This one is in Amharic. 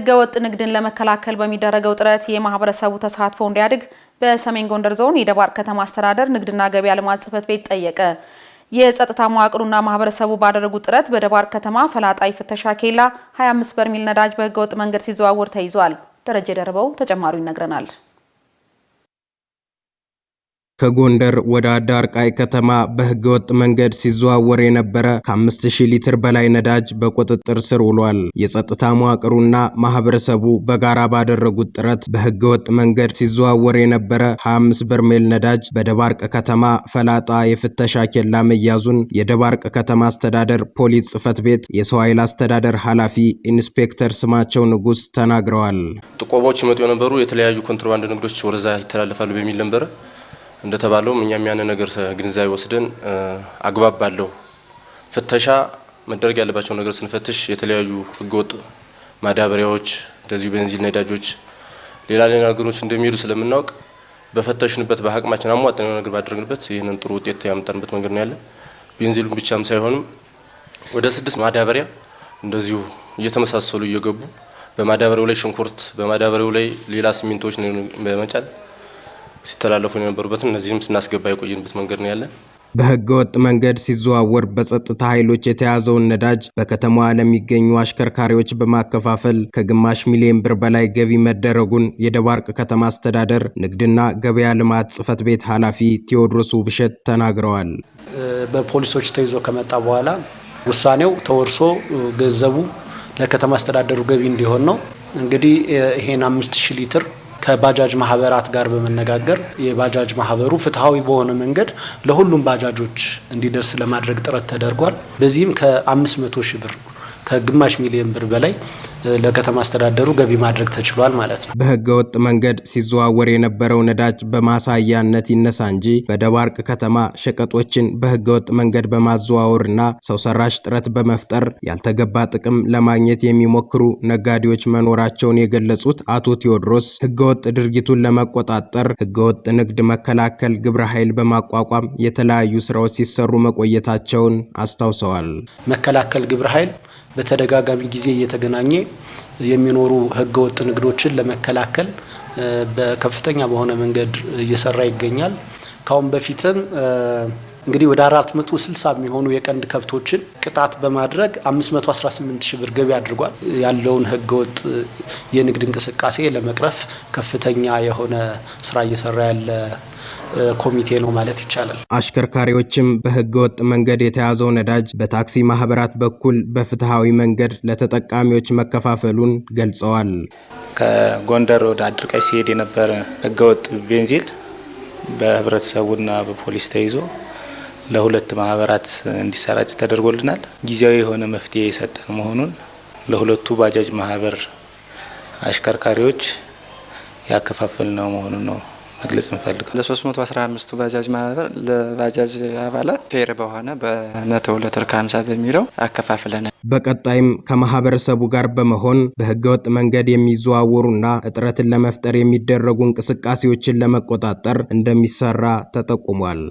ህገወጥ ንግድን ለመከላከል በሚደረገው ጥረት የማህበረሰቡ ተሳትፎ እንዲያድግ በሰሜን ጎንደር ዞን የደባርቅ ከተማ አስተዳደር ንግድና ገበያ ልማት ጽፈት ቤት ጠየቀ። የጸጥታ መዋቅሩና ማህበረሰቡ ባደረጉት ጥረት በደባርቅ ከተማ ፈላጣይ ፍተሻ ኬላ 25 በርሚል ነዳጅ በህገወጥ መንገድ ሲዘዋወር ተይዟል። ደረጀ ደርበው ተጨማሪው ይነግረናል። ከጎንደር ወደ አዳርቃይ ከተማ በህገወጥ መንገድ ሲዘዋወር የነበረ ከ5000 ሊትር በላይ ነዳጅ በቁጥጥር ስር ውሏል። የጸጥታ መዋቅሩና ማህበረሰቡ በጋራ ባደረጉት ጥረት በህገወጥ መንገድ ሲዘዋወር የነበረ 25 በርሜል ነዳጅ በደባርቅ ከተማ ፈላጣ የፍተሻ ኬላ መያዙን የደባርቅ ከተማ አስተዳደር ፖሊስ ጽህፈት ቤት የሰው ኃይል አስተዳደር ኃላፊ ኢንስፔክተር ስማቸው ንጉስ ተናግረዋል። ጥቆማዎች ይመጡ የነበሩ የተለያዩ ኮንትሮባንድ ንግዶች ወደዛ ይተላለፋሉ በሚል ነበረ እንደተባለውም እኛም ያን ነገር ግንዛቤ ወስደን አግባብ ባለው ፍተሻ መደረግ ያለባቸው ነገር ስንፈትሽ የተለያዩ ህገወጥ ማዳበሪያዎች እንደዚሁ ቤንዚል፣ ነዳጆች፣ ሌላ ሌላ ነገሮች እንደሚሄዱ ስለምናውቅ በፈተሽንበት በአቅማችን አሟጠን የሆነ ነገር ባደረግንበት ይህንን ጥሩ ውጤት ያመጣንበት መንገድ ነው ያለ። ቤንዚሉን ብቻም ሳይሆንም ወደ ስድስት ማዳበሪያ እንደዚሁ እየተመሳሰሉ እየገቡ በማዳበሪያው ላይ ሽንኩርት፣ በማዳበሪያው ላይ ሌላ ሲሚንቶዎች በመጫን ሲተላለፉ የነበሩበትን እነዚህም ስናስገባ የቆየንበት መንገድ ነው ያለን። ወጥ መንገድ ሲዘዋወር በጸጥታ ኃይሎች የተያዘውን ነዳጅ በከተማዋ ለሚገኙ አሽከርካሪዎች በማከፋፈል ከግማሽ ሚሊዮን ብር በላይ ገቢ መደረጉን የደባርቅ ከተማ አስተዳደር ንግድና ገበያ ልማት ጽህፈት ቤት ኃላፊ ቴዎድሮስ ውብሸት ተናግረዋል። በፖሊሶች ተይዞ ከመጣ በኋላ ውሳኔው ተወርሶ ገንዘቡ ለከተማ አስተዳደሩ ገቢ እንዲሆን ነው። እንግዲህ ይሄን አምስት ሺህ ሊትር ከባጃጅ ማህበራት ጋር በመነጋገር የባጃጅ ማህበሩ ፍትሐዊ በሆነ መንገድ ለሁሉም ባጃጆች እንዲደርስ ለማድረግ ጥረት ተደርጓል። በዚህም ከ500 ሺህ ብር ከግማሽ ሚሊዮን ብር በላይ ለከተማ አስተዳደሩ ገቢ ማድረግ ተችሏል ማለት ነው። በህገ ወጥ መንገድ ሲዘዋወር የነበረው ነዳጅ በማሳያነት ይነሳ እንጂ በደባርቅ ከተማ ሸቀጦችን በህገ ወጥ መንገድ በማዘዋወርና ሰው ሰራሽ ጥረት በመፍጠር ያልተገባ ጥቅም ለማግኘት የሚሞክሩ ነጋዴዎች መኖራቸውን የገለጹት አቶ ቴዎድሮስ ወጥ ድርጊቱን ለመቆጣጠር ወጥ ንግድ መከላከል ግብረ ኃይል በማቋቋም የተለያዩ ስራዎች ሲሰሩ መቆየታቸውን አስታውሰዋል። መከላከል ግብረ ኃይል በተደጋጋሚ ጊዜ እየተገናኘ የሚኖሩ ህገወጥ ንግዶችን ለመከላከል በከፍተኛ በሆነ መንገድ እየሰራ ይገኛል። ካሁን በፊትም እንግዲህ ወደ 460 የሚሆኑ የቀንድ ከብቶችን ቅጣት በማድረግ 518 ሺህ ብር ገቢ አድርጓል። ያለውን ህገወጥ የንግድ እንቅስቃሴ ለመቅረፍ ከፍተኛ የሆነ ስራ እየሰራ ያለ ኮሚቴ ነው ማለት ይቻላል። አሽከርካሪዎችም በህገወጥ መንገድ የተያዘው ነዳጅ በታክሲ ማህበራት በኩል በፍትሐዊ መንገድ ለተጠቃሚዎች መከፋፈሉን ገልጸዋል። ከጎንደር ወደ አድርቃይ ሲሄድ የነበረ ህገወጥ ቤንዚል በህብረተሰቡና በፖሊስ ተይዞ ለሁለት ማህበራት እንዲሰራጭ ተደርጎልናል። ጊዜያዊ የሆነ መፍትሄ የሰጠን መሆኑን ለሁለቱ ባጃጅ ማህበር አሽከርካሪዎች ያከፋፈል ነው መሆኑን ነው መግለጽ እንፈልጋል መቶ አስራ አምስቱ ባጃጅ ማህበር ለባጃጅ አባላት ፌር በሆነ በመቶ ሁለት እርካ ሀምሳ በሚለው አከፋፍለናል። በቀጣይም ከማህበረሰቡ ጋር በመሆን በህገወጥ መንገድ የሚዘዋወሩና እጥረትን ለመፍጠር የሚደረጉ እንቅስቃሴዎችን ለመቆጣጠር እንደሚሰራ ተጠቁሟል።